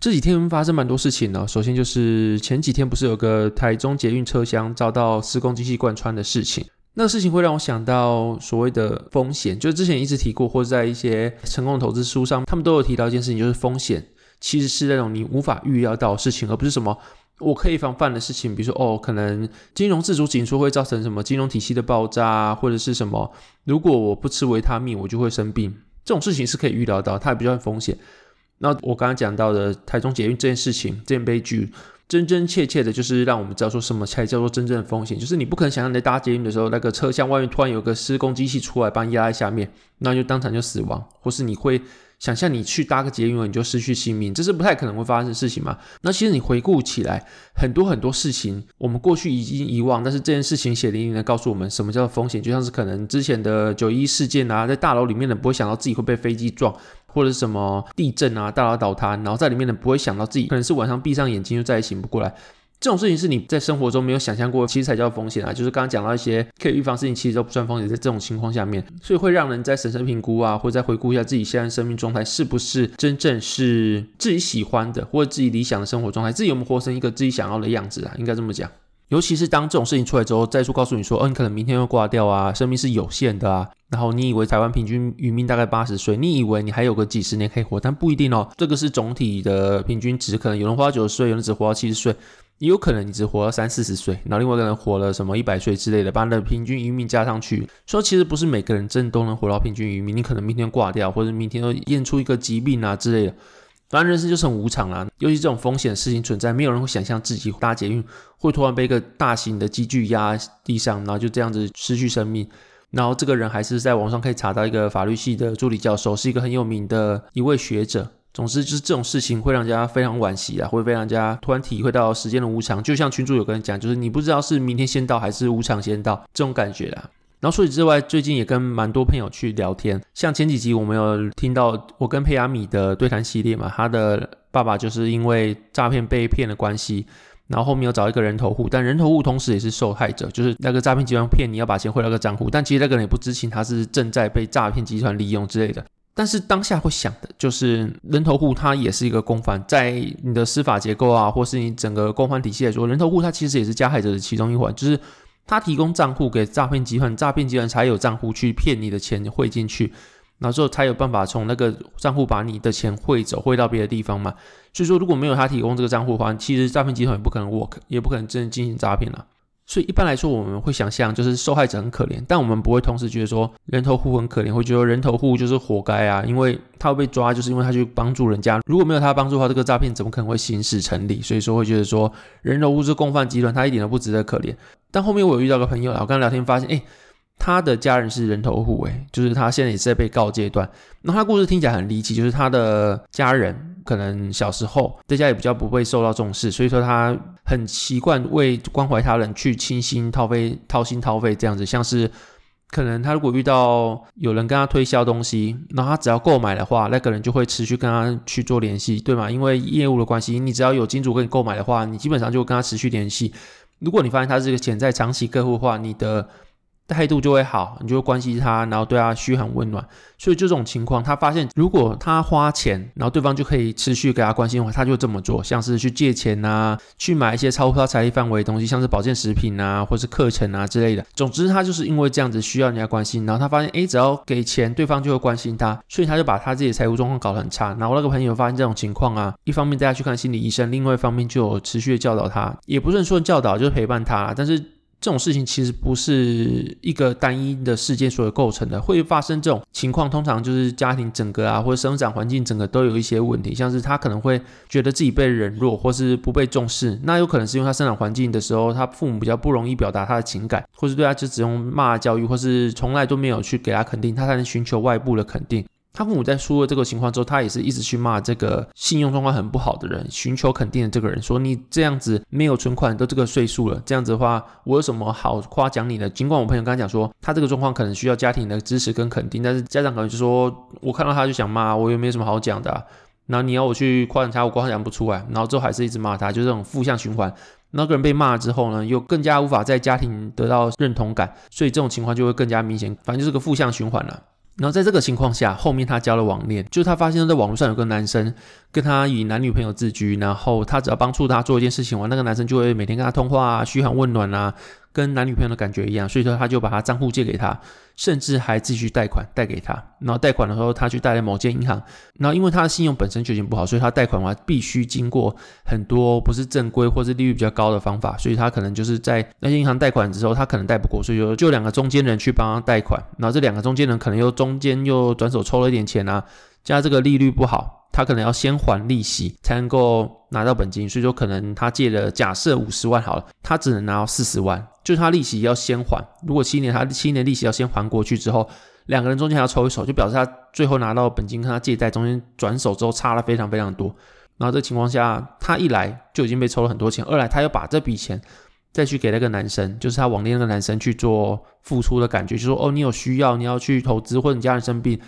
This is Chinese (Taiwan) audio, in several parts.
這幾天發生蠻多事情呢。首先就是前幾天不是有個台中捷運車廂遭到施工機器貫穿的事情？那個事情會讓我想到所謂的風險，就是之前一直提過，或是在一些成功投資書上，他們都有提到一件事情，就是風險其實是那種你無法預料到的事情，而不是什麼我可以防範的事情。比如說，哦，可能金融自主緊縮會造成什麼金融體系的爆炸，或者是什麼？如果我不吃維他命，我就會生病。這種事情是可以預料到，它也比較有風險。那我剛剛講到的台中捷運這件事情，這件悲劇，真真切切的，就是讓我們知道說什麼才叫做真正的風險。就是你不可能想象你在搭捷運的時候，那個車廂外面突然有個施工機器出來幫你壓在下面，那就當場就死亡；或是你會想象你去搭個捷運，你就失去性命，這是不太可能會發生的事情嘛？那其實你回顧起來，很多很多事情我們過去已經遺忘，但是這件事情血淋淋的告訴我們，什麼叫做風險？就像是可能之前的九一事件啊，在大樓裡面的不會想到自己會被飛機撞。或者什麼地震啊、大樓倒塌，然後在裡面呢，不會想到自己可能是晚上閉上眼睛就再也醒不過來，這種事情是你在生活中沒有想象過，其實才叫風險啊。就是剛剛講到一些可以預防事情，其實都不算風險，在這種情況下面，所以會讓人再審慎評估啊，或者再回顧一下自己現在生命狀態是不是真正是自己喜歡的，或者自己理想的生活狀態，自己有沒有活成一個自己想要的樣子啊？應該這麼講。尤其是當這種事情出來之後，再出告訴你說，嗯、哦，你可能明天會掛掉啊，生命是有限的啊。然後你以為台灣平均餘命大概八十歲，你以為你還有個幾十年可以活，但不一定哦。這個是總體的平均值，可能有人活到九十歲，有人只活到七十歲，也有可能你只活到三四十歲，然後另外一個人活了什麼一百歲之類的，把你的平均餘命加上去，說其實不是每個人真的都能活到平均餘命，你可能明天掛掉，或者明天又驗出一個疾病啊之類的。反正人生就是很無常啦，尤其這種風險的事情存在，沒有人會想象自己搭捷運會突然被一個大型的機具壓地上，然後就這樣子失去生命。然後這個人還是在網上可以查到一個法律系的助理教授，是一個很有名的一位學者。總之就是這種事情會讓大家非常惋惜啦，會讓大家突然體會到時間的無常。就像群主有跟你講，就是你不知道是明天先到還是無常先到，這種感覺啦。然後，除此之外，最近也跟蠻多朋友去聊天。像前幾集，我們有聽到我跟胚芽米的對談系列嘛？他的爸爸就是因為詐騙被騙的關係，然後後面又找一個人頭戶，但人頭戶同時也是受害者，就是那個詐騙集團騙你要把錢匯到個賬戶，但其實那個人也不知情，他是正在被詐騙集團利用之類的。但是當下會想的就是，人頭戶他也是一個共犯，在你的司法結構啊，或是你整個共犯體系來說，人頭戶他其實也是加害者的其中一環，就是。他提供賬戶給詐騙集團，詐騙集團才有賬戶去騙你的錢匯進去，然後之後才有辦法從那個賬戶把你的錢匯走，匯到別的地方嘛。所以說，如果沒有他提供這個賬戶的話，其實詐騙集團也不可能 work，也不可能真的進行詐騙了。所以一般來說，我們會想象就是受害者很可憐，但我們不會同時覺得說人頭戶很可憐，會覺得人頭戶就是活該啊，因為他會被抓就是因為他去幫助人家，如果沒有他幫助的話，這個詐騙怎麼可能會行使成立？所以說會覺得說人頭戶是共犯集團，他一點都不值得可憐。但後面我有遇到個朋友啊，我跟他聊天發現，哎。他的家人是人頭戶欸，就是他現在也是在被告階段。那他故事聽起來很離奇，就是他的家人可能小時候在家也比較不會受到重視，所以說他很習慣為關懷他人去傾心掏肺，掏心掏肺這樣子。像是可能他如果遇到有人跟他推銷東西，然後他只要購買的話，那個人就會持續跟他去做聯繫，對嗎？因為業務的關係，你只要有金主跟你購買的話，你基本上就會跟他持續聯繫。如果你發現他是一個潛在長期客戶的話，你的。態度就會好，你就會關心他，然後對他噓寒問暖。所以這種情況，他發現如果他花錢，然後對方就可以持續給他關心的話，他就這麼做，像是去借錢吶、啊，去買一些超乎他財力範圍的東西，像是保健食品啊，或是課程啊之類的。總之，他就是因為這樣子需要人家關心，然後他發現，誒、欸，只要給錢，對方就會關心他，所以他就把他自己的財務狀況搞得很差。然後那個朋友發現這種情況啊，一方面帶他去看心理醫生，另外一方面就有持續的教導他，也不算說教導，就是陪伴他，但是。這種事情其實不是一個單一的事件所構成的，會發生這種情況，通常就是家庭整個啊，或者生長環境整個都有一些問題，像是他可能會覺得自己被冷落，或是不被重視，那有可能是因為他生長環境的時候，他父母比較不容易表達他的情感，或是對他就只用罵教育，或是從來都沒有去給他肯定，他才能尋求外部的肯定。他父母在出了這個情況之後，他也是一直去罵這個信用狀況很不好的人，尋求肯定的這個人說：“你這樣子沒有存款都這個歲數了，這樣子的話，我有什麼好誇獎你的？”儘管我朋友剛剛講說，他這個狀況可能需要家庭的支持跟肯定，但是家長可能就說我看到他就想罵，我又沒有什麼好講的啊。然後你要我去誇獎他，我誇獎不出來，然後之後還是一直罵他，就這種負向循環。那個人被罵之後呢，又更加無法在家庭得到認同感，所以這種情況就會更加明顯，反正就是個負向循環了啊。然後在這個情況下，後面他交了網戀，就是他發現他在網絡上有個男生。跟他以男女朋友自居，然後他只要幫助他做一件事情的話，那個男生就會每天跟他通話啊，噓寒問暖啊，跟男女朋友的感覺一樣。所以說，他就把他賬戶借給他，甚至還繼續貸款貸給他。然後貸款的時候，他去貸了某間銀行。然後因為他的信用本身就已經不好，所以他貸款的話必須經過很多不是正規或是利率比較高的方法。所以他可能就是在那些銀行貸款之後，他可能貸不過，所以說就兩個中間人去幫他貸款。然後這兩個中間人可能又中間又轉手抽了一點錢啊，加這個利率不好。他可能要先還利息才能夠拿到本金，所以說可能他借了假設五十萬好了，他只能拿到四十萬，就是他利息要先還。如果七年他七年利息要先還過去之後，兩個人中間還要抽一手，就表示他最後拿到本金，跟他借貸中間轉手之後差了非常非常多。然後這個情況下，他一來就已經被抽了很多錢，二來他又把這筆錢再去給了個男生，就是他網戀那個男生去做付出的感覺，就是說哦你有需要，你要去投資或者你家人生病。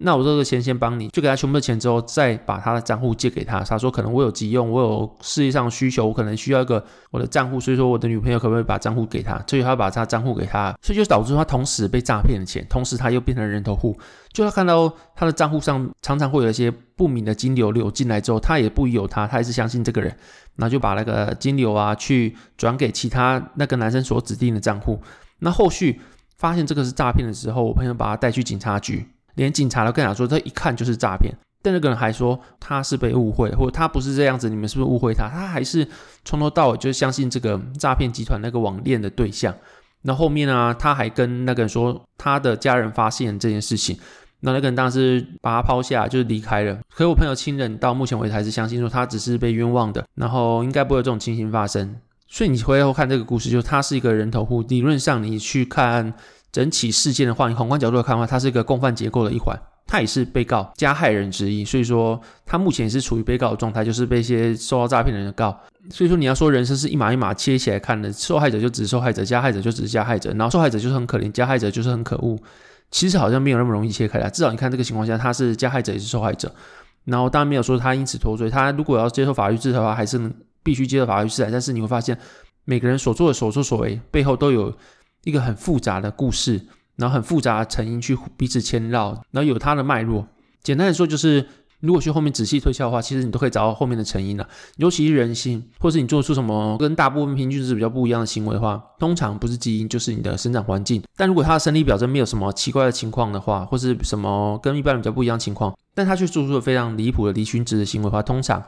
那我這個錢先幫你，就給他全部的錢之後，再把他的賬戶借給他。他說可能我有急用，我有事業上需求，我可能需要一個我的賬戶，所以說我的女朋友可不可以把賬戶給他？所以他把他賬戶給他，所以就導致他同時被詐騙的錢，同時他又變成人頭戶。就他看到他的賬戶上常常會有一些不明的金流流進來之後，他也不疑有他，他還是相信這個人，然後就把那個金流啊去轉給其他那個男生所指定的賬戶。那後續發現這個是詐騙的時候，我朋友把他帶去警察局。連警察都跟他說，他一看就是詐騙，但那個人還說他是被誤會，或者他不是這樣子，你們是不是誤會他？他還是從頭到尾就相信這個詐騙集團那個網戀的對象。那後面呢，啊，他還跟那個人說他的家人發現這件事情，那那個人當時把他拋下，就是離開了。可是我朋友親人到目前為止還是相信說他只是被冤枉的，然後應該不會有這種情形發生。所以你回頭看這個故事，就是他是一個人頭戶，理論上你去看。整起事件的話，以宏觀角度來看的話，他是一個共犯結構的一環，他也是被告加害人之一，所以說他目前也是處於被告的狀態，就是被一些受到詐騙的人告。所以說你要說人生是一碼一碼切起來看的，受害者就只是受害者，加害者就只是加害者，然後受害者就是很可憐，加害者就是很可惡，其實好像沒有那麼容易切開來。至少你看這個情況下，他是加害者也是受害者，然後當然沒有說他因此脫罪，他如果要接受法律制裁的話，還是必須接受法律制裁。但是你會發現，每個人所做的所作所為背後都有。一個很複雜的故事，然後很複雜的成因去彼此牽繞，然後有它的脈絡。簡單的說，就是如果去後面仔細推敲的話，其實你都可以找到後面的成因了啊。尤其是人性，或是你做出什麼跟大部分平均值比較不一樣的行為的話，通常不是基因就是你的生長環境。但如果他的生理表徵沒有什麼奇怪的情況的話，或是什麼跟一般人比較不一樣的情況，但他卻做出了非常離譜的離群值的行為的話，通常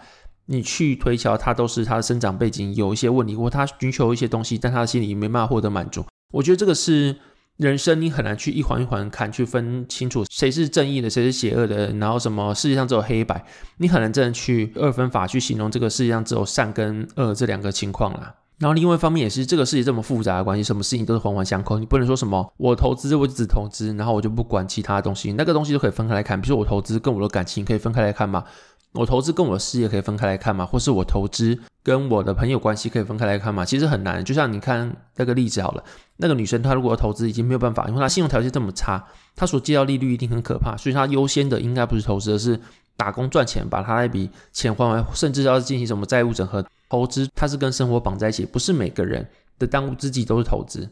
你去推敲，他都是他的生長背景有一些問題，或他尋求一些東西，但他的心理沒辦法獲得滿足。我覺得這個是人生，你很難去一環一環看，去分清楚誰是正義的，誰是邪惡的，然後什麼世界上只有黑白，你很難真的去二分法去形容這個世界上只有善跟惡這兩個情況啦。然後另外一方面也是，這個世界這麼複雜的關係，什麼事情都是環環相扣，你不能說什麼我投資我就只投資，然後我就不管其他的東西，那個東西都可以分開來看，比如說我投資跟我的感情可以分開來看嘛。我投資跟我的事業可以分開來看嗎，或是我投資跟我的朋友關係可以分開來看嗎？其實很難，就像你看那個例子好了，那個女生她如果投資已經沒有辦法，因為她信用條件這麼差，她所借到利率一定很可怕，所以她優先的應該不是投資，而是打工賺錢，把她那筆錢還完，甚至要進行什麼債務整合。投資它是跟生活綁在一起，不是每個人的當務之急都是投資。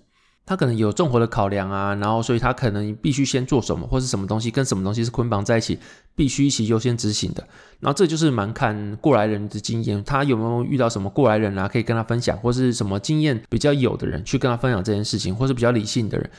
他可能有綜合的考量啊，然後所以他可能必須先做什麼，或是什麼東西跟什麼東西是捆綁在一起，必須一起優先執行的。然後這就是蠻看過來人的經驗，他有沒有遇到什麼過來人啊，可以跟他分享，或是什麼經驗比較有的人去跟他分享這件事情，或是比較理性的人，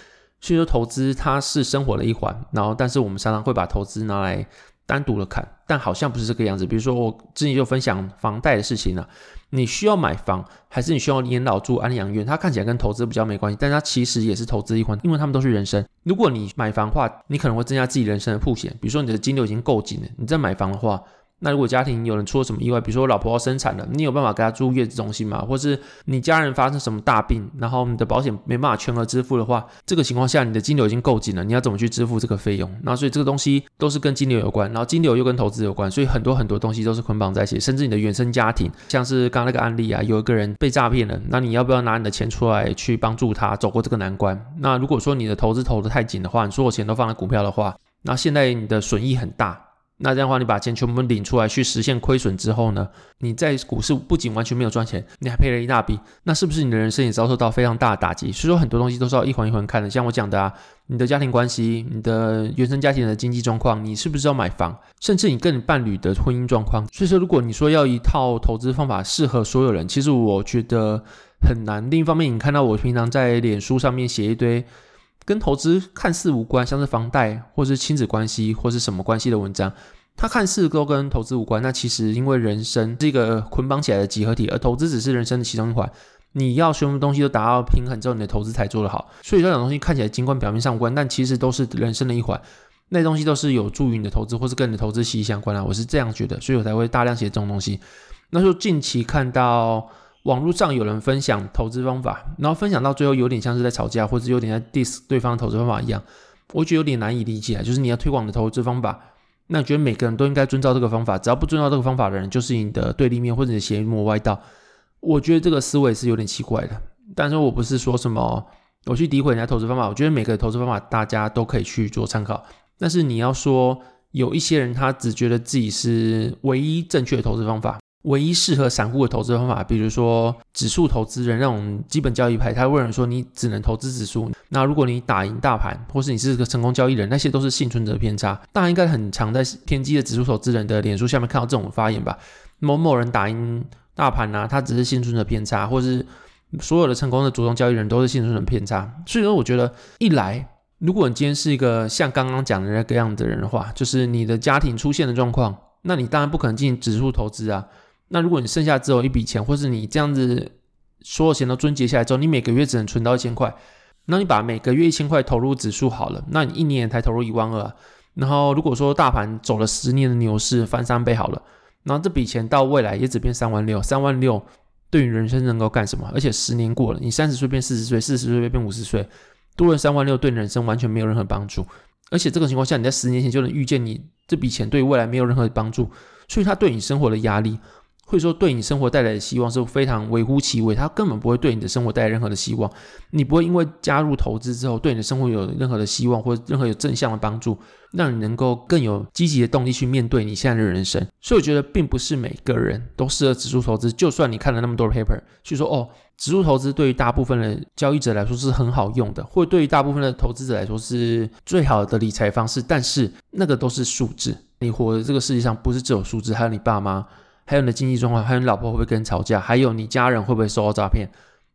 所以說投資它是生活的一環。然後但是我們常常會把投資拿來單獨的看，但好像不是這個樣子。比如說我之前就分享房貸的事情了啊。你需要買房，還是你需要年老住安養院？它看起來跟投資比較沒關係，但它其實也是投資一環，因為它們都是人生。如果你買房的話，你可能會增加自己人生的風險。比如說你的金流已經夠緊了，你再買房的話。那如果家庭有人出了什麼意外，比如說我老婆要生產了，你有辦法給她住月子中心嗎？或是你家人發生什麼大病，然後你的保險沒辦法全額支付的話，這個情況下你的金流已經夠緊了，你要怎麼去支付這個費用？那所以這個東西都是跟金流有關，然後金流又跟投資有關，所以很多很多東西都是捆綁在一起。甚至你的原生家庭，像是剛剛那個案例啊，有一個人被詐騙了，那你要不要拿你的錢出來去幫助他走過這個難關？那如果說你的投資投的太緊的話，你所有錢都放在股票的話，那現在你的損益很大。那這樣的話，你把錢全部領出來去實現虧損之後呢？你在股市不僅完全沒有賺錢，你還賠了一大筆。那是不是你的人生也遭受到非常大的打擊？所以說很多東西都是要一環一環看的。像我講的啊，你的家庭關係、你的原生家庭的經濟狀況，你是不是要買房？甚至你跟你伴侶的婚姻狀況。所以說，如果你說要一套投資方法適合所有人，其實我覺得很難。另一方面，你看到我平常在臉書上面寫一堆。跟投資看似無關，像是房貸或是親子關係或是什麼關係的文章，它看似都跟投資無關。那其實因為人生是一個捆綁起來的集合體，而投資只是人生的其中一環。你要所有東西都達到平衡之後，你的投資才做得好。所以這種東西看起來儘管表面上無關，但其實都是人生的一環。那東西都是有助於你的投資，或是跟你的投資息息相關啊。我是這樣覺得，所以我才會大量寫這種東西。那就近期看到。網絡上有人分享投資方法，然後分享到最後有點像是在吵架，或者有點在 diss 對方的投資方法一樣，我覺得有點難以理解。就是你要推廣你的投資方法，那你覺得每個人都應該遵照這個方法，只要不遵照這個方法的人，就是你的對立面或者你的邪魔歪道。我覺得這個思維是有點奇怪的。但是我不是說什麼我去詆毀人家投資方法，我覺得每個投資方法大家都可以去做參考。但是你要說有一些人他只覺得自己是唯一正確的投資方法，唯一適合散戶的投資方法，比如說指數投資人那種基本交易派，他會問說，你只能投資指數。那如果你打贏大盤，或是你是個成功交易人，那些都是倖存者偏差。大家應該很常在偏激的指數投資人的臉書下面看到這種發言吧？某某人打贏大盤啊，他只是倖存者偏差，或是所有的成功的主動交易人都是倖存者偏差。所以說，我覺得一來，如果你今天是一個像剛剛講的那個樣子的人的話，就是你的家庭出現的狀況，那你當然不可能進行指數投資啊。那如果你剩下只有一筆錢，或是你這樣子所有錢都終結下來之後，你每個月只能存到一千塊，那你把每個月一千塊投入指數好了，那你一年才投入一萬二，然後如果說大盤走了十年的牛市翻三倍好了，然後這筆錢到未來也只變三萬六，三萬六對於人生能夠幹什麼？而且十年過了，你三十歲變四十歲，四十歲變五十歲，多了三萬六對人生完全沒有任何幫助，而且這個情況下你在十年前就能預見你這筆錢對未來沒有任何幫助，所以它對你生活的壓力。會說對你生活帶來的希望是非常微乎其微，它根本不會對你的生活帶來任何的希望。你不會因為加入投資之後，對你的生活有任何的希望，或者任何有正向的幫助，讓你能夠更有積極的動力去面對你現在的人生。所以我覺得，並不是每個人都適合指數投資。就算你看了那麼多的 paper，去說哦，指數投資對於大部分的交易者來說是很好用的，或者對於大部分的投資者來說是最好的理財方式。但是那個都是數字，你活的這個世界上不是只有數字，還有你爸媽。還有你的經濟狀況，還有你老婆會不會跟你吵架，還有你家人會不會受到詐騙，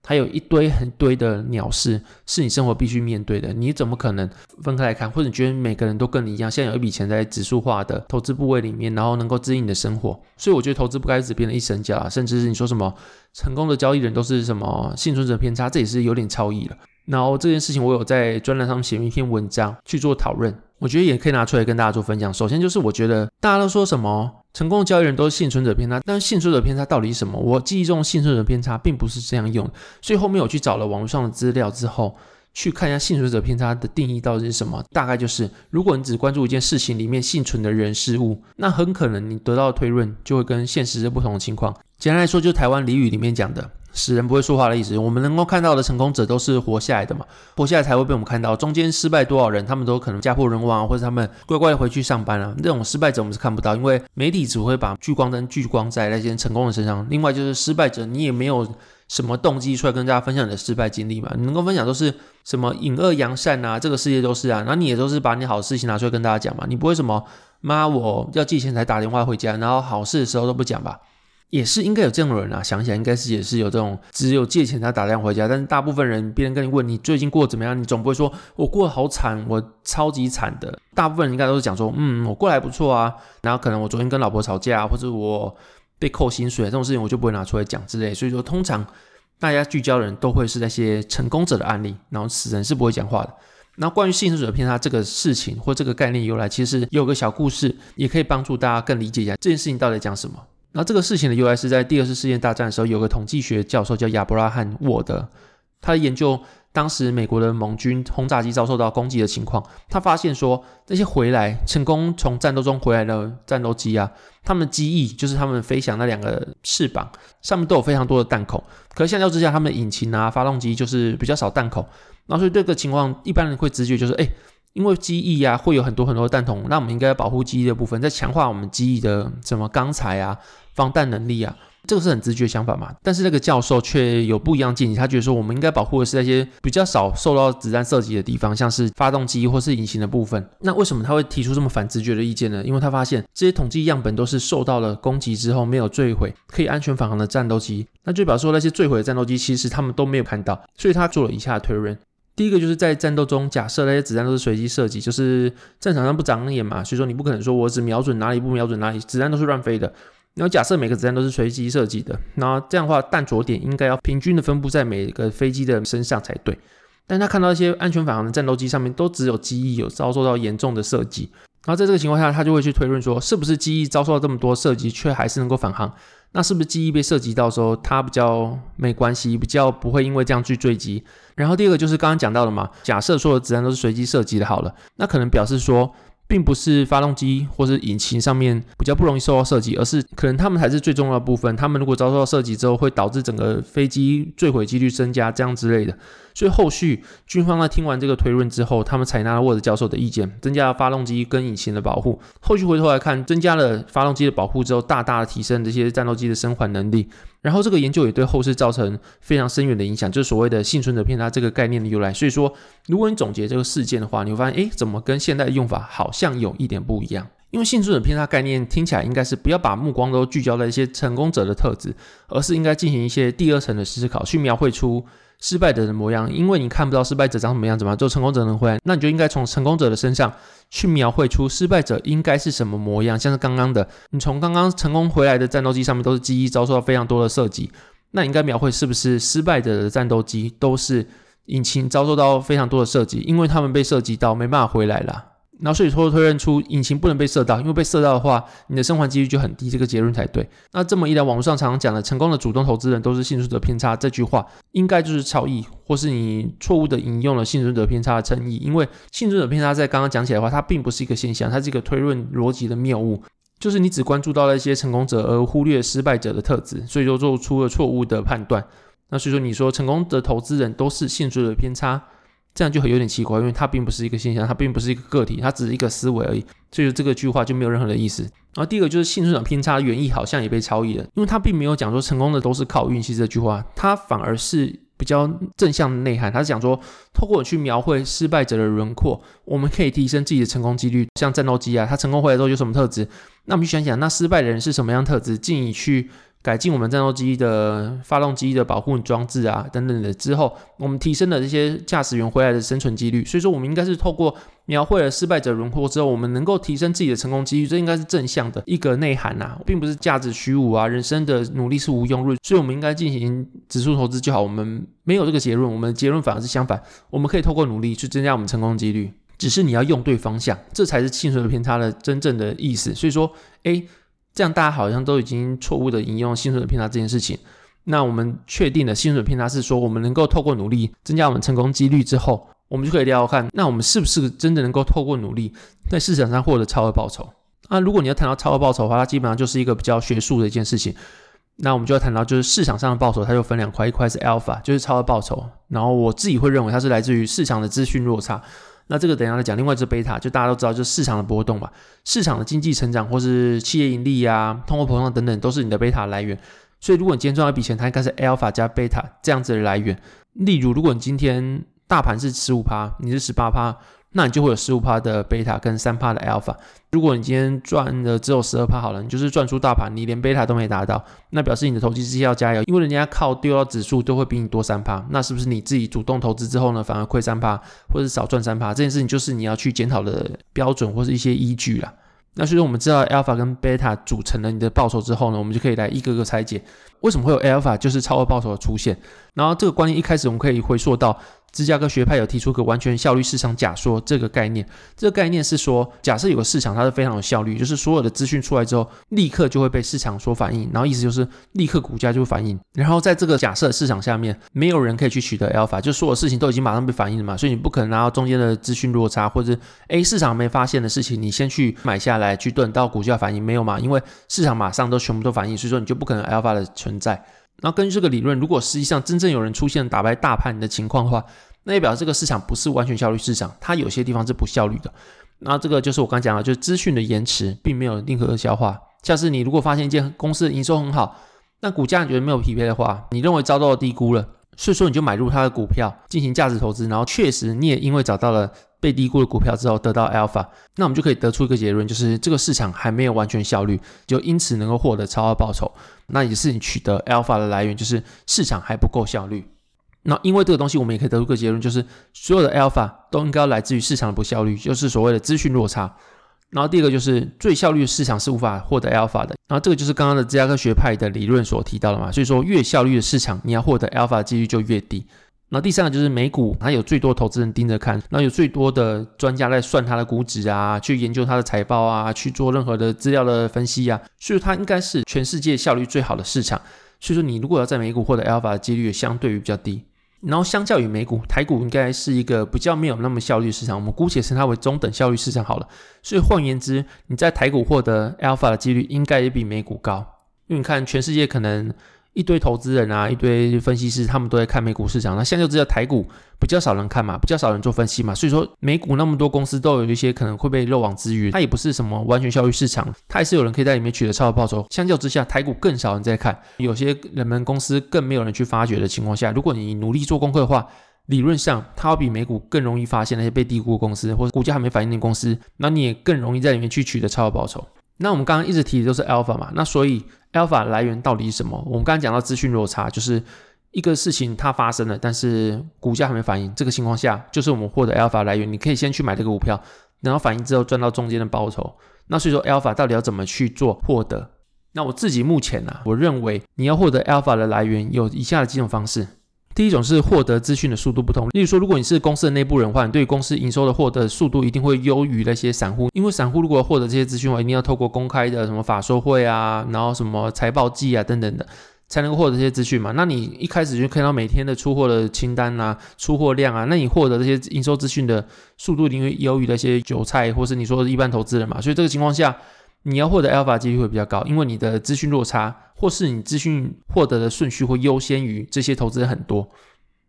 還有一堆很堆的鳥事，是你生活必須面對的。你怎麼可能分開來看？或者你覺得每個人都跟你一樣，現在有一筆錢在指數化的投資部位裡面，然後能夠支應你的生活？所以我覺得投資不該只變成一神教，甚至是你說什麼成功的交易人都是什麼幸存者偏差，這也是有點超譯了。然後這件事情我有在專欄上寫了一篇文章去做討論，我覺得也可以拿出來跟大家做分享。首先就是我覺得大家都說什麼，成功的交易人都是倖存者偏差，但是倖存者偏差到底是什麼？我記憶中倖存者偏差並不是這樣用的，所以後面我去找了網絡上的資料之後，去看一下倖存者偏差的定義到底是什麼。大概就是，如果你只關注一件事情裡面倖存的人事物，那很可能你得到的推論就會跟現實是不同的情況。簡單來說，就台灣俚語裡面講的。死人不會說話的意思。我們能夠看到的成功者都是活下來的嘛，活下來才會被我們看到。中間失敗多少人，他們都可能家破人亡啊，或者他們乖乖的回去上班啊，那種失敗者我們是看不到，因為媒體只會把聚光燈聚光在那些成功的身上。另外就是失敗者，你也沒有什麼動機出來跟大家分享你的失敗經歷嘛。你能夠分享都是什麼隱惡揚善啊？這個世界都是啊，那你也都是把你好的事情拿出來跟大家講嘛。你不會什麼媽，我要借錢才打電話回家，然後好事的時候都不講吧？也是應該有這樣的人啊，想起來應該是也是有這種，只有借錢才打電話回家，但是大部分人，別人跟你問你最近過得怎麼樣，你總不會說我過得好慘，我超級慘的。大部分人應該都是講說，嗯，我過得還不錯啊。然後可能我昨天跟老婆吵架，或者我被扣薪水這種事情，我就不會拿出來講之類。所以說，通常大家聚焦的人都會是那些成功者的案例，然後死人是不會講話的。那關於倖存者偏差這個事情或這個概念由來，其實有個小故事，也可以幫助大家更理解一下這件事情到底講什麼。那這個事情呢，由來是在第二次世界大戰的時候，有個統計學的教授叫亞伯拉罕·沃德，他研究當時美國的盟軍轟炸機遭受到攻擊的情況。他發現說，那些回來成功從戰鬥中回來的戰鬥機啊，他們的機翼，就是他們飛翔那兩個翅膀，上面都有非常多的彈孔。可是相較之下，他們的引擎啊、發動機就是比較少彈孔。那所以這個情況，一般人會直覺就是，哎，因為機翼啊會有很多很多彈孔，那我們應該保護機翼的部分，再強化我們機翼的什麼鋼材啊。防彈能力啊，這個是很直覺想法嘛。但是那個教授卻有不一樣的見解，他覺得說，我們應該保護的是那些比較少受到子彈射擊的地方，像是發動機或是引擎的部分。那為什麼他會提出這麼反直覺的意見呢？因為他發現這些統計樣本都是受到了攻擊之後沒有墜毀，可以安全返航的戰鬥機，那就表示說那些墜毀的戰鬥機其實他們都沒有看到。所以他做了以下的推論：第一個就是在戰鬥中，假設那些子彈都是隨機射擊，就是戰場上不長眼嘛，所以說你不可能說我只瞄準哪裡不瞄準哪裡，子彈都是亂飛的。然後假設每個子彈都是隨機射擊的，那這樣的話，彈着點應該要平均的分布在每個飛機的身上才對。但他看到一些安全返航的戰鬥機上面都只有機翼有遭受到嚴重的射擊，然後在這個情況下他就會去推論說，是不是機翼遭受到這麼多射擊卻還是能夠返航？那是不是機翼被射擊到時候它比較沒關係，比較不會因為這樣去墜機？然後第二個就是剛剛講到的嘛，假設所有的子彈都是隨機射擊的，好了，那可能表示說。並不是發動機或是引擎上面比較不容易受到射擊，而是可能他們才是最重要的部分。他們如果遭受到射擊之後，會導致整個飛機墜毀機率增加，這樣之類的。所以後續軍方呢，聽完這個推論之後，他們採納了沃德教授的意見，增加了發動機跟引擎的保護。後續回頭來看，增加了發動機的保護之後，大大的提升這些戰鬥機的生還能力。然後這個研究也對後世造成非常深遠的影響，就是所謂的幸存者偏差這個概念的由來。所以說，如果你總結這個事件的話，你會發現，哎，怎麼跟現代的用法好像有一點不一樣？因為幸存者偏差概念聽起來應該是不要把目光都聚焦在一些成功者的特質，而是應該進行一些第二層的思考，去描繪出。失敗者的模樣，因為你看不到失敗者長什麼樣子嘛，就成功者能回來，那你就應該從成功者的身上去描繪出失敗者應該是什麼模樣。像是剛剛的，你從剛剛成功回來的戰鬥機上面都是機翼遭受到非常多的射擊，那你應該描繪是不是失敗者的戰鬥機都是引擎遭受到非常多的射擊，因為他們被射擊到沒辦法回來啦。然後所以說推推論出，引擎不能被射到，因為被射到的話，你的生還幾率就很低，這個結論才對。那這麼一來，網絡上常常講的成功的主動投資人都是幸存者偏差，這句話應該就是超譯，或是你錯誤的引用了幸存者偏差的稱義，因為幸存者偏差在剛剛講起來的話，它並不是一個現象，它是一個推論邏輯的謬誤，就是你只關注到了一些成功者，而忽略失敗者的特質，所以說做出了錯誤的判斷。那所以說你說成功的投資人都是幸存者偏差。這樣就很有點奇怪，因為它並不是一個現象，它並不是一個個體，它只是一個思維而已，所以這個句話就沒有任何的意思。然後第一個就是倖存者偏差原意好像也被超譯了，因為他並沒有講說成功的都是靠運氣這句話，他反而是比較正向的內涵，他是講說透過去描繪失敗者的輪廓，我們可以提升自己的成功幾率，像戰鬥機啊，他成功回來之後有什麼特質，那我們就想想那失敗的人是什麼樣的特質，進而去。改進我們戰鬥機的發動機的保護裝置啊，等等的之後，我們提升了這些駕駛員回來的生存幾率。所以說，我們應該是透過描繪了失敗者輪廓之後，我們能夠提升自己的成功幾率，這應該是正向的一個內涵啊，並不是價值虛無啊，人生的努力是無用論。所以我們應該進行指數投資就好。我們沒有這個結論，我們的結論反而是相反。我們可以透過努力去增加我們成功幾率，只是你要用對方向，這才是幸存偏差的真正的意思。所以說，a、欸。這樣大家好像都已經錯誤的引用倖存者偏差這件事情。那我們確定的倖存者偏差是說，我們能夠透過努力增加我們成功幾率之後，我們就可以聊聊看，那我們是不是真的能夠透過努力在市場上獲得超額報酬？那、啊、如果你要談到超額報酬的話，它基本上就是一個比較學術的一件事情。那我們就要談到就是市場上的報酬，它就分兩塊，一塊是 alpha，就是超額報酬。然後我自己會認為它是來自於市場的資訊落差。那這個等一下來講，另外就是貝塔，就大家都知道，就是市場的波動吧，市場的經濟成長或是企業盈利啊，通貨膨脹等等，都是你的貝塔來源。所以如果你今天賺到一筆錢，它應該是 Alpha 加貝塔這樣子的來源。例如，如果你今天大盤是十五趴，你是十八趴，那你就會有十五帕的貝塔跟三帕的 Alpha。如果你今天賺的只有十二帕好了，你就是賺出大盤，你連貝塔都沒達到，那表示你的投資資金要加油，因為人家靠丟到指數都會比你多三帕。那是不是你自己主動投資之後呢，反而虧三帕或者少賺三帕？這件事情就是你要去檢討的標準或是一些依據啦。那所以說，我們知道 Alpha 跟貝塔組成了你的報酬之後呢，我們就可以來一個個拆解，為什麼會有 Alpha 就是超額報酬的出現。然後這個觀念一開始，我們可以回溯到。芝加哥學派有提出個完全效率市場假說這個概念，這個概念是說，假設有個市場，它是非常有效率，就是所有的資訊出來之後，立刻就會被市場所反映，然後意思就是立刻股價就會反映。然後在這個假設市場下面，沒有人可以去取得 alpha，就所有事情都已經馬上被反映了嘛，所以你不可能拿到中間的資訊落差或者是 A 市場沒發現的事情，你先去買下來去蹲，到股價反映沒有嘛？因為市場馬上都全部都反映，所以說你就不可能 alpha 的存在。然後根據這個理論，如果實際上真正有人出現打敗大盤的情況的話，那也表示這個市場不是完全效率市場，它有些地方是不效率的。那這個就是我剛剛講的，就是資訊的延遲並沒有任何的消化。下次你如果發現一間公司的營收很好，但股價你覺得沒有匹配的話，你認為遭到了低估了，所以說你就買入它的股票進行價值投資，然後確實你也因為找到了。被低估的股票之後得到 alpha，那我們就可以得出一個結論，就是這個市場還沒有完全效率，就因此能夠獲得超額報酬。那也是你取得 alpha 的來源，就是市場還不夠效率。那因為這個東西，我們也可以得出一個結論，就是所有的 alpha 都應該來自於市場的不效率，就是所謂的資訊落差。然後第二個就是最效率的市場是無法獲得 alpha 的。然後這個就是剛剛的芝加哥學派的理論所提到的嘛，所以說越效率的市場，你要獲得 alpha 率就越低。然後第三個就是美股，它有最多投資人盯着看，然後有最多的專家在算它的估值啊，去研究它的財報啊，去做任何的資料的分析啊，所以它應該是全世界效率最好的市場。所以說你如果要在美股獲得 alpha 的幾率也相對於比較低，然後相較於美股，台股應該是一個比較沒有那麼效率市場，我們姑且稱它為中等效率市場好了。所以換言之，你在台股獲得 alpha 的幾率應該也比美股高，因為你看全世界可能。一堆投資人啊，一堆分析師，他們都在看美股市場。那相較之下，台股比較少人看嘛，比較少人做分析嘛。所以說，美股那麼多公司都有一些可能會被漏網之魚，它也不是什麼完全效益市場，它還是有人可以在裡面取得超額報酬。相較之下，台股更少人在看，有些人們公司更沒有人去發掘的情況下，如果你努力做功課的話，理論上它要比美股更容易發現那些被低估的公司或者股價還沒反映的公司，那你也更容易在裡面去取得超額報酬。那我們剛剛一直提的就是 alpha 嘛，那所以。Alpha 來源到底是什麼？我們剛剛講到資訊落差，就是一個事情它發生了，但是股價還沒反應，這個情況下就是我們獲得 Alpha 來源。你可以先去買這個股票，然後反應之後賺到中間的報酬。那所以說，Alpha 到底要怎麼去做獲得？那我自己目前啊，我認為你要獲得 Alpha 的來源有以下的幾種方式。第一種是獲得資訊的速度不同，例如說，如果你是公司的內部人的話，你對公司營收的獲得速度一定會優於那些散戶，因為散戶如果獲得這些資訊的話，一定要透過公開的什麼法說會啊，然後什麼財報季啊等等的，才能夠獲得這些資訊嘛。那你一開始就看到每天的出貨的清單啊、出貨量啊，那你獲得這些營收資訊的速度，一定會優於那些韭菜或是你說的一般投資人嘛，所以這個情況下。你要獲得 alpha 機率會比較高，因為你的資訊落差，或是你資訊獲得的順序會優先於這些投資人很多。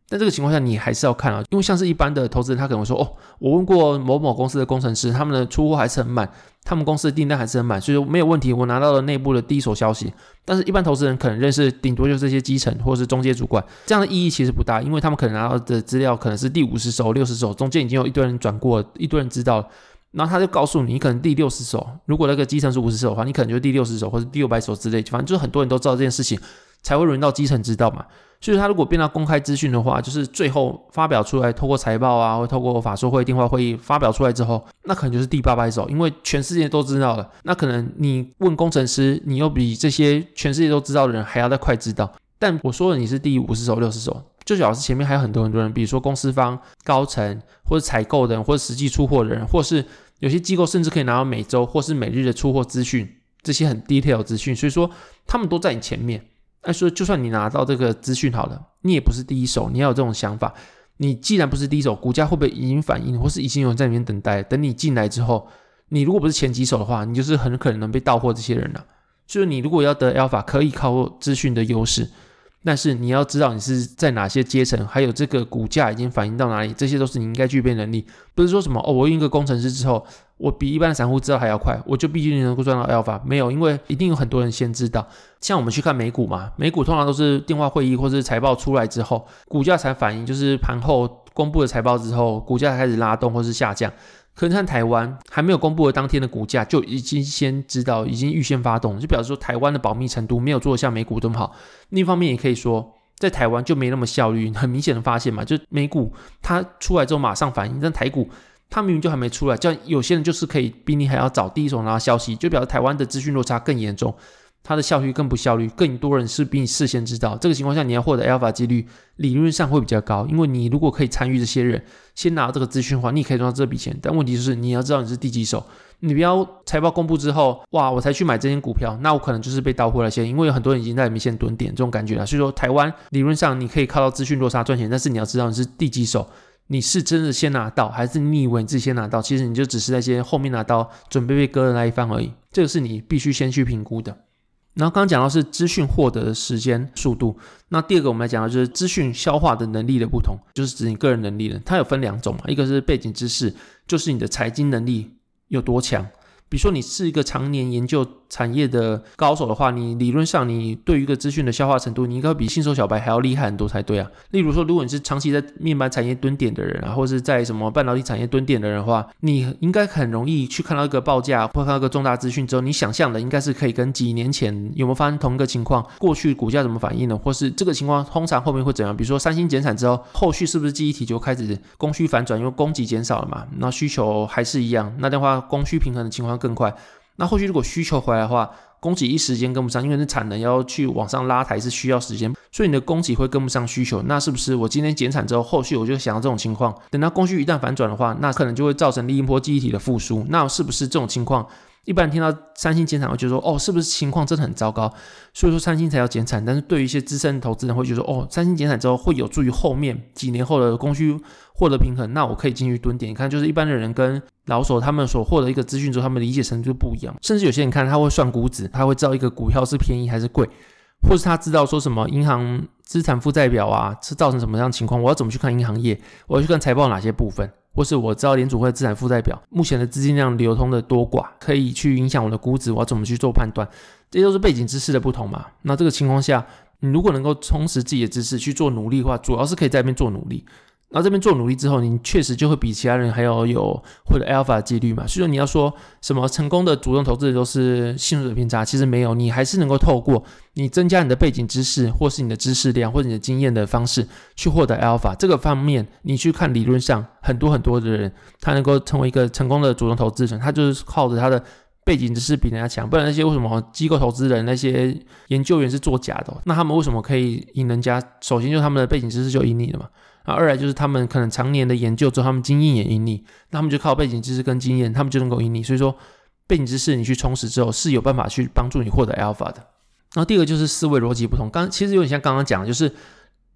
但這個情況下，你還是要看啊，因為像是一般的投資人，他可能會說：“哦，我問過某某公司的工程師，他們的出貨還是很滿，他們公司的訂單還是很滿，所以說沒有問題，我拿到了內部的第一手消息。”但是，一般投資人可能認識，頂多就是這些基層或是中介主管，這樣的意義其實不大，因為他們可能拿到的資料可能是第五十手、六十手，中間已經有一堆人轉過了，一堆人知道了。然後他就告訴你，你可能第六十手，如果那個基層是五十手的話，你可能就第六十手或者第六百手之類的，反正就是很多人都知道這件事情，才會輪到基層知道嘛。所以，他如果變到公開資訊的話，就是最後發表出來，透過財報啊，或透過法說會電話會議發表出來之後，那可能就是第八百手，因為全世界都知道了。那可能你問工程師，你又比這些全世界都知道的人還要再快知道。但我說的你是第五十手、六十手，就表示前面還有很多很多人，比如說公司方高層，或者採購的人，或者實際出貨的人，或是。有些機構甚至可以拿到每周或是每日的出貨資訊，這些很 detail 資訊，所以說他們都在你前面。那、啊、所以就算你拿到這個資訊好了，你也不是第一手，你要有這種想法。你既然不是第一手，股價會不會已經反應，或是已經有人在裡面等待？等你進來之後，你如果不是前幾手的話，你就是很可能能被倒貨這些人了、啊。所以你如果要得 alpha，可以靠資訊的優勢。但是你要知道，你是在哪些階層，還有這個股價已經反映到哪裡，這些都是你應該具備能力。不是說什麼哦，我用一個工程師之後，我比一般散戶知道還要快，我就必須能夠賺到 alpha。沒有，因為一定有很多人先知道。像我們去看美股嘛，美股通常都是電話會議或是財報出來之後，股價才反應，就是盤後公布的財報之後，股價開始拉動或是下降。可是看台灣還沒有公布的當天的股價，就已經先知道，已經預先發動，就表示說台灣的保密程度沒有做得像美股這麼好。另一方面也可以說，在台灣就沒那麼效率，很明顯的發現嘛，就美股它出來之後馬上反應，但台股它明明就還沒出來，這樣有些人就是可以比你還要早第一手拿消息，就表示台灣的資訊落差更嚴重。它的效率更不效率，更多人是比你事先知道。這個情況下，你要獲得 alpha 幾率，理論上會比較高。因為你如果可以參與這些人，先拿到這個資訊的話，你也可以賺到這筆錢。但問題就是，你要知道你是第幾手。你不要財報公布之後，哇，我才去買這些股票，那我可能就是被倒貨了先。因為有很多人已經在裡面先蹲點這種感覺了。所以說，台灣理論上你可以靠到資訊落差賺錢，但是你要知道你是第幾手，你是真的先拿到，還是你以為你自己先拿到？其實你就只是那些後面拿到，準備被割的那一方而已。這個是你必須先去評估的。然後剛剛講到是資訊獲得的時間速度，那第二個我們來講到就是資訊消化的能力的不同，就是指你個人能力的，它有分兩種嘛，一個是背景知識，就是你的財經能力有多強，比如說你是一個常年研究。產業的高手的話，你理論上你對於一個資訊的消化程度，你應該會比新手小白還要厲害很多才對啊。例如說，如果你是長期在面板產業蹲點的人啊，或者是在什麼半導體產業蹲點的人的話，你應該很容易去看到一個報價，或看到一個重大資訊之後，你想象的應該是可以跟幾年前有沒有發生同一個情況，過去股價怎麼反應呢，或是這個情況通常後面會怎樣？比如說三星減產之後，後續是不是記憶體就開始供需反轉，因為供給減少了嘛，然後需求還是一樣，那的話供需平衡的情況更快。那後續如果需求回來的話，供給一時間跟不上，因為那產能要去往上拉抬是需要時間，所以你的供給會跟不上需求。那是不是我今天減產之後，後續我就想要這種情況？等到供需一旦反轉的話，那可能就會造成另一波記憶體的復甦。那是不是這種情況？一般人聽到三星減產會覺得說，哦，是不是情況真的很糟糕？所以說三星才要減產。但是對於一些資深投資人會覺得說，哦，三星減產之後會有助於後面幾年後的供需獲得平衡，那我可以進去蹲點。你看，就是一般的人跟老手他們所獲得一個資訊之後，他們理解程度就不一樣。甚至有些人看他會算估值，他會知道一個股票是便宜還是貴，或是他知道說什麼銀行資產負債表啊，是造成什麼樣的情況，我要怎麼去看銀行業，我要去看財報哪些部分。或是我知道聯儲會資產負債表目前的資金量流通的多寡，可以去影響我的估值，我要怎麼去做判斷？這都是背景知識的不同嘛。那這個情況下，你如果能夠充實自己的知識去做努力的話，主要是可以在一邊做努力。然後這邊做努力之後，你確實就會比其他人還要有，有獲得 alpha 的幾率嘛。所以說你要說什麼成功的主動投資人都是倖存者偏差，其實沒有，你還是能夠透過你增加你的背景知識，或是你的知識量，或者你的經驗的方式，去獲得 alpha 這個方面。你去看理論上很多很多的人，他能夠成為一個成功的主動投資人，他就是靠着他的背景知識比人家強。不然那些為什麼機構投資人那些研究員是做假的哦？那他們為什麼可以贏人家？首先就是他們的背景知識就贏你了嘛。啊，二來就是他們可能常年的研究之後，他們經驗也盈利，那他們就靠背景知識跟經驗，他們就能夠盈利。所以說，背景知識你去充實之後，是有辦法去幫助你獲得 alpha 的。然後第二個就是思維邏輯不同，剛其實有點像剛剛講的，就是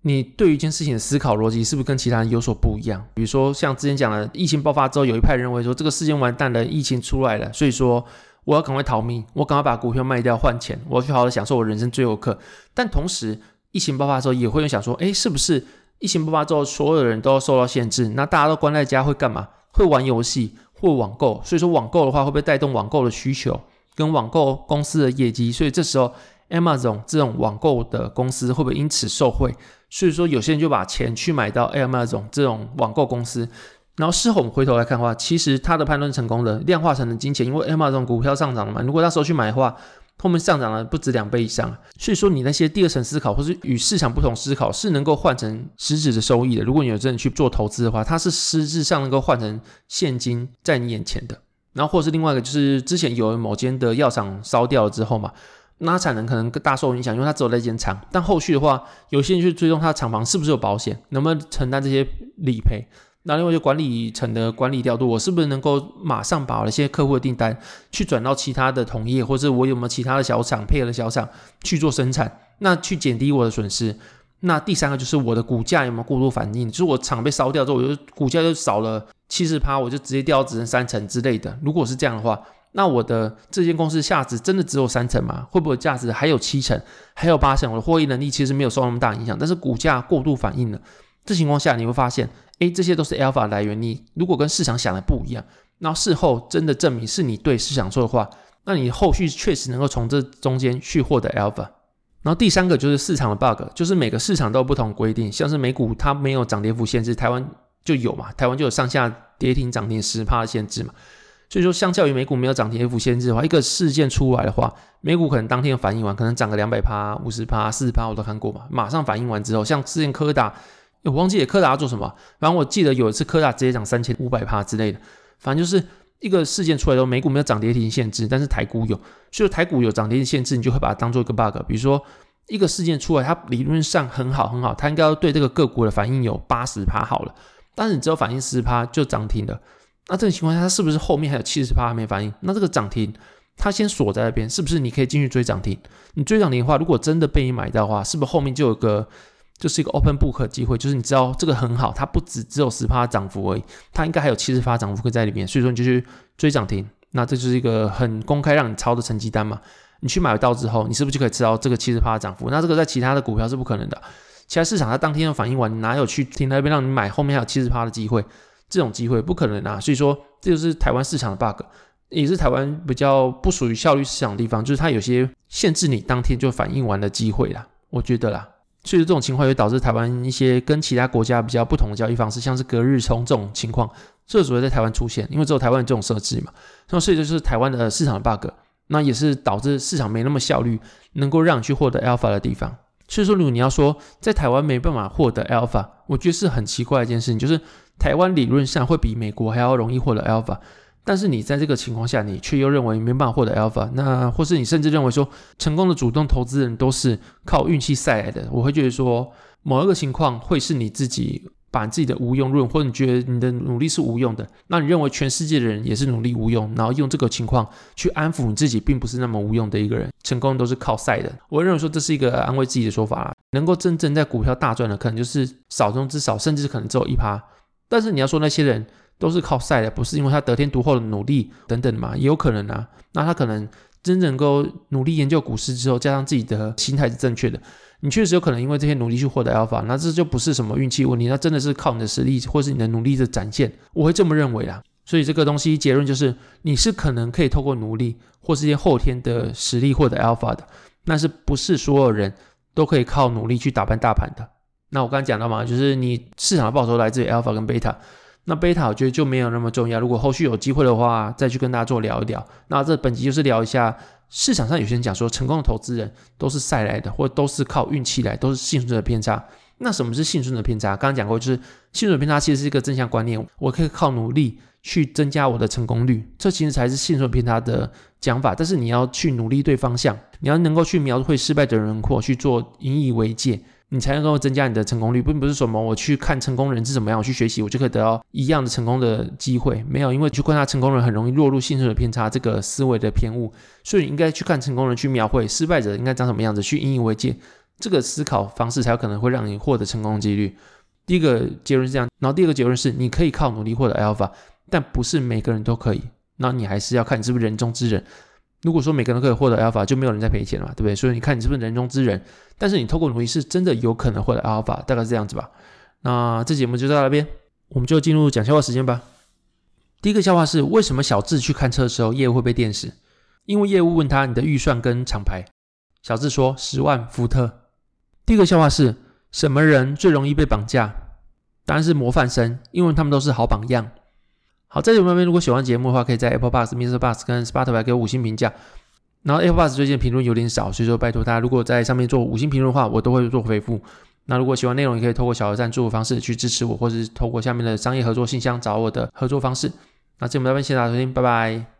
你對於一件事情的思考邏輯是不是跟其他人有所不一樣？比如說像之前講的，疫情爆發之後，有一派認為說這個事情完蛋了，疫情出來了，所以說我要趕快逃命，我趕快把股票賣掉換錢，我要去好好享受我的人生最後一刻。但同時，疫情爆發的時候也會有想說，哎，是不是？疫情爆發之後，所有的人都要受到限制。那大家都關在家會幹嘛？會玩遊戲，會網購。所以說網購的話，會不會帶動網購的需求，跟網購公司的業績？所以這時候 Amazon 這種網購的公司會不會因此受惠？所以說有些人就把錢去買到 Amazon 這種網購公司。然後事後我們回頭來看的話，其實他的判斷成功的量化成了金錢，因為 Amazon 股票上漲了嘛。如果那時候去買的話，後面上漲了不止兩倍以上啊，所以說你那些第二層思考，或是與市場不同思考，是能夠換成實質的收益的。如果你有真的去做投資的話，它是實質上能夠換成現金在你眼前的。然後，或者是另外一個，就是之前有某間的藥廠燒掉了之後嘛，那產能可能大受影響，因為它只有那間廠。但後續的話，有些人去追蹤它的廠房是不是有保險，能不能承擔這些理賠。那另外就管理層的管理調度，我是不是能夠馬上把我一些客戶的訂單去轉到其他的同業，或者我有沒有其他的小廠配合的小廠去做生產，那去減低我的損失？那第三個就是我的股價有沒有過度反應？就是我廠被燒掉之後，我就股價就少了七十趴，我就直接掉到只剩三成之類的。如果是這樣的話，那我的這間公司價值真的只有三成嗎？會不會價值還有七成、還有八成？我的獲益能力其實沒有受那麼大影響，但是股價過度反應了。這情況下你會發現，哎，這些都是 alpha 來源。你如果跟市場想的不一樣，然後事後真的證明是你對市場錯的話，那你後續確實能夠從這中間去獲得 alpha。然後第三個就是市場的 bug，就是每個市場都有不同規定，像是美股它沒有漲跌幅限制，台灣就有嘛，台灣就有上下跌停漲停十趴的限制嘛。所以說，相較於美股沒有漲跌幅限制的話，一個事件出來的話，美股可能當天反應完，可能漲個兩百趴、五十趴、四十趴，我都看過嘛。馬上反應完之後，像之前柯達。欸、我忘記了科達做什麼，反正我記得有一次科大直接漲三千五百趴之類的，反正就是一個事件出來的時候，美股沒有漲跌停限制，但是台股有，所以台股有漲跌停限制，你就會把它當做一個 bug。比如說一個事件出來，它理論上很好很好，它應該要對這個個股的反應有八十趴好了，但是你只有反應十趴就漲停了，那這種情況下，它是不是後面還有七十趴還沒反應？那這個漲停它先鎖在那邊，是不是你可以進去追漲停？你追漲停的話，如果真的被你買到的話，是不是後面就有個？就是一個 open book 的機會，就是你知道這個很好，它不只只有十趴漲幅而已，它應該還有七十趴漲幅可以在裡面，所以說你就去追漲停，那這就是一個很公開讓你抄的成績單嘛。你去買到之後，你是不是就可以知道這個七十趴的漲幅？那這個在其他的股票是不可能的，其他市場它當天就反應完，你哪有去停在那邊讓你買後面還有七十趴的機會？這種機會不可能啊，所以說這就是台灣市場的 bug，也是台灣比較不屬於效率市場的地方，就是它有些限制你當天就反應完的機會啦，我覺得啦。所以這種情況也導致台灣一些跟其他國家比較不同的交易方式，像是隔日沖這種情況，這主要在台灣出現，因為只有台灣有這種設置嘛。所以這就是台灣的市場的 bug，那也是導致市場沒那麼效率，能夠讓你去獲得 alpha 的地方。所以說，如果你要說在台灣沒辦法獲得 alpha，我覺得是很奇怪的一件事情，就是台灣理論上會比美國還要容易獲得 alpha。但是你在這個情況下，你卻又認為沒辦法獲得 alpha，那或是你甚至認為說成功的主動投資人都是靠運氣賽來的。我會覺得說某一個情況會是你自己把自己的無用論，或者你覺得你的努力是無用的。那你認為全世界的人也是努力無用，然後用這個情況去安撫你自己，並不是那麼無用的一個人，成功都是靠賽的。我認為說這是一個安慰自己的說法。能夠真正在股票大賺的，可能就是少中之少，甚至可能只有一趴。但是你要說那些人都是靠賽的，不是因為他得天獨厚的努力等等嘛，也有可能啊。那他可能真正能夠努力研究股市之後，加上自己的心態是正確的，你確實有可能因為這些努力去獲得 alpha。那這就不是什麼運氣問題，那真的是靠你的實力或是你的努力的展現，我會這麼認為啦。所以這個東西結論就是，你是可能可以透過努力或是一些後天的實力獲得 alpha 的，那是不是所有人都可以靠努力去打敗大盤的？那我剛才講到嘛，就是你市場的報酬來自於 alpha 跟 beta。那貝塔我覺得就沒有那麼重要。如果後續有機會的話，再去跟大家做聊一聊。那這本集就是聊一下市場上有些人講說，成功的投資人都是賽來的，或都是靠運氣來，都是幸存者的偏差。那什麼是幸存者的偏差？剛剛講過，就是幸存的偏差其實是一個正向觀念。我可以靠努力去增加我的成功率，這其實才是幸存偏差的講法。但是你要去努力對方向，你要能夠去描繪失敗的輪廓，去做引以為戒。你才能夠增加你的成功率，並不是什麼我去看成功人是怎麼樣，我去學習，我就可以得到一樣的成功的機會。沒有，因為去觀察成功人很容易落入倖存者偏差這個思維的偏誤，所以你應該去看成功人去描繪失敗者應該長什麼樣子，去引以為戒。這個思考方式才有可能會讓你獲得成功幾率。第一個結論是這樣，然後第二個結論是你可以靠努力獲得 alpha，但不是每個人都可以。那你還是要看你是不是人中之人。如果說每個人可以獲得 alpha，就沒有人在賠錢了嘛，對不對？所以你看你是不是人中之人。但是你透過努力是真的有可能獲得 alpha，大概是這樣子吧。那這節目就到這邊，我們就進入講笑話時間吧。第一個笑話是為什麼小智去看車的時候業務會被電死？因為業務問他，你的預算跟廠牌，小智說十萬伏特。第一個笑話是什麼人最容易被綁架？當然是模範生，因為他們都是好榜樣。好，在這邊，如果喜歡節目的話，可以在 Apple Podcast、MixerBox 跟 Spotify 給我五星評價。然後 Apple Podcast 最近評論有點少，所以說拜託大家，如果在上面做五星評論的話，我都會做回復。那如果喜歡內容，也可以透過小額贊助的方式去支持我，或是透過下面的商業合作信箱，找我的合作方式。那這邊到這邊，謝謝大家收聽，拜拜。